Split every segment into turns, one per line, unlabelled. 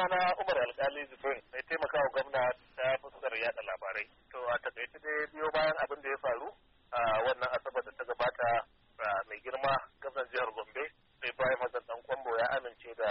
sunana Umar Alkali Zubin mai taimakawa gwamna ta fuskar yada labarai. To a takaice dai biyo bayan
abin da ya faru a
wannan asabar da ta gabata mai girma gwamnan jihar Gombe sai bayan Dan Kwambo ya amince da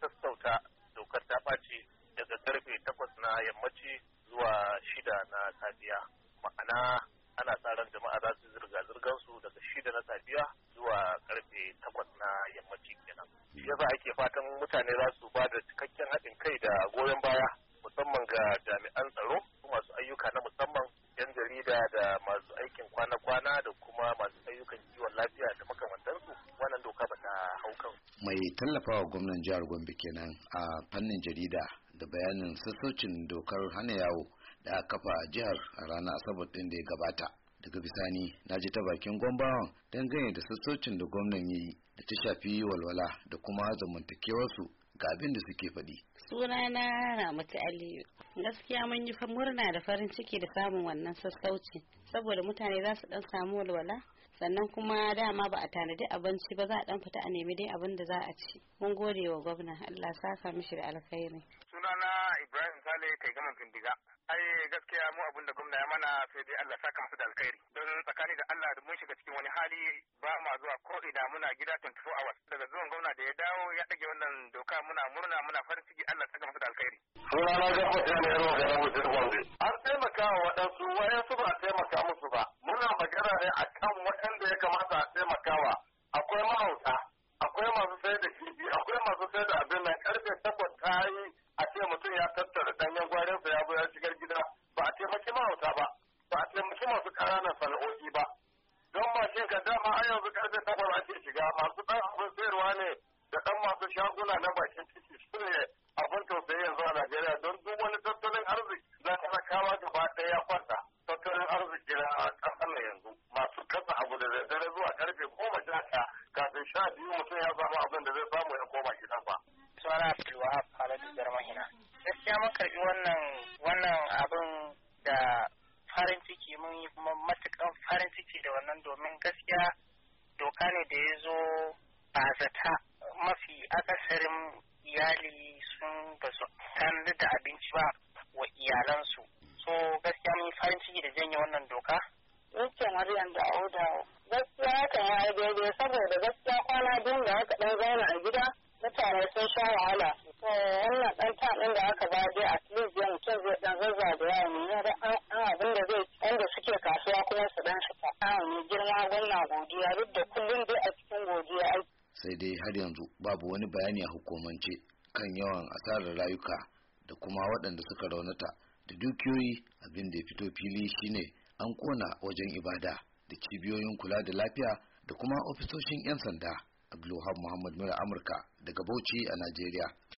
sassauta dokar ta ɓaci daga karfe takwas na yammaci zuwa shida na safiya. Ma'ana ana sa jama'a za su zirga su daga shida na safiya zuwa karfe takwas na yammaci kenan yasa ake fatan mutane za su ba da cikakken haɗin kai da goyon baya musamman ga jami'an tsaro masu ayyuka na musamman yan jarida da masu aikin kwana-kwana da kuma masu ayyukan kiwon lafiya da makamantansu wannan doka ba ta hau kan
mai tallafawa gwamnan jihar gombe kenan a fannin jarida da bayanin sassaucin dokar hana yawo da aka kafa a jihar a ranar asabar din da ya gabata daga bisani na ji ta bakin gwambawan dangane da sassaucin da gwamnan ya yi da ta shafi walwala da kuma zamantakewarsu ga abin da suke faɗi. sunana na mutu aliyu gaskiya mun yi murna da farin ciki da samun wannan sassauci saboda mutane za su dan samu walwala sannan kuma dama ba a tanadi abinci ba za a dan fita a nemi dai abin da za a ci mun gode wa gwamna allah saka mishi da alkhairi
sunana kai gama bindiga ai gaskiya mu abin da gwamna ya mana sai dai Allah saka masa da alkhairi don tsakani da Allah da mun shiga cikin wani hali ba ma zuwa ko ina muna gida 24 hours daga zuwan gwamna da ya dawo ya dage wannan doka muna murna muna farin ciki Allah saka masa da alkhairi sunana ga mutane yaro ga mutum gombe an taimaka wa waɗansu su ba a taimaka musu ba muna magana ne a kan waɗanda ya kamata a taimakawa akwai mahauta akwai masu sai da kifi akwai masu sai da abin nan karfe takwas ta yi mutum ya tattara danyen gwarin sa ya ya shigar gida ba a taimaki mahauta ba ba a taimaki masu ƙananan sana'o'i ba don mashin ka dama a yanzu karfe takwas ake shiga masu ɗan abin sayarwa ne da ɗan masu shaguna na bakin ciki su ne abin tausayi yanzu a Najeriya don duk wani tattalin arziki na talakawa gaba ɗaya ya kwanta tattalin arziki na ƙasar na yanzu masu kasa abu da zai daddare zuwa karfe goma sha ɗaya kafin sha biyu mutum ya samu abin da zai samu ya koma gidan ba. Suna Abdulwahab Haladu Jarmahina. gaskiya mun karbi wannan wannan abin da farin ciki mun yi kuma matukan farin ciki da wannan domin gaskiya doka ne da ya zo ba zata mafi akasarin iyali sun ba su tanadar da abinci ba wa iyalansu so gaskiya mun yi farin ciki da janye wannan doka Yake Maryam da Oda gaskiya kan ya daidai wannan eh, ɗan ta ɗin da aka ba dai at least ya mutum zai ɗan zazza da yawa ne da an abin da zai wanda suke kasuwa kuma su ɗan fita. An ne girma gwamna godiya duk da kullum dai a cikin godiya
Sai dai har yanzu babu wani bayani a hukumance kan yawan asarar rayuka da kuma waɗanda suka raunata da dukiyoyi abin da ya fito fili shine an kona wajen ibada da cibiyoyin kula da lafiya da kuma ofisoshin 'yan sanda. Abdulwahab Muhammad Mura Amurka daga Bauchi a Najeriya.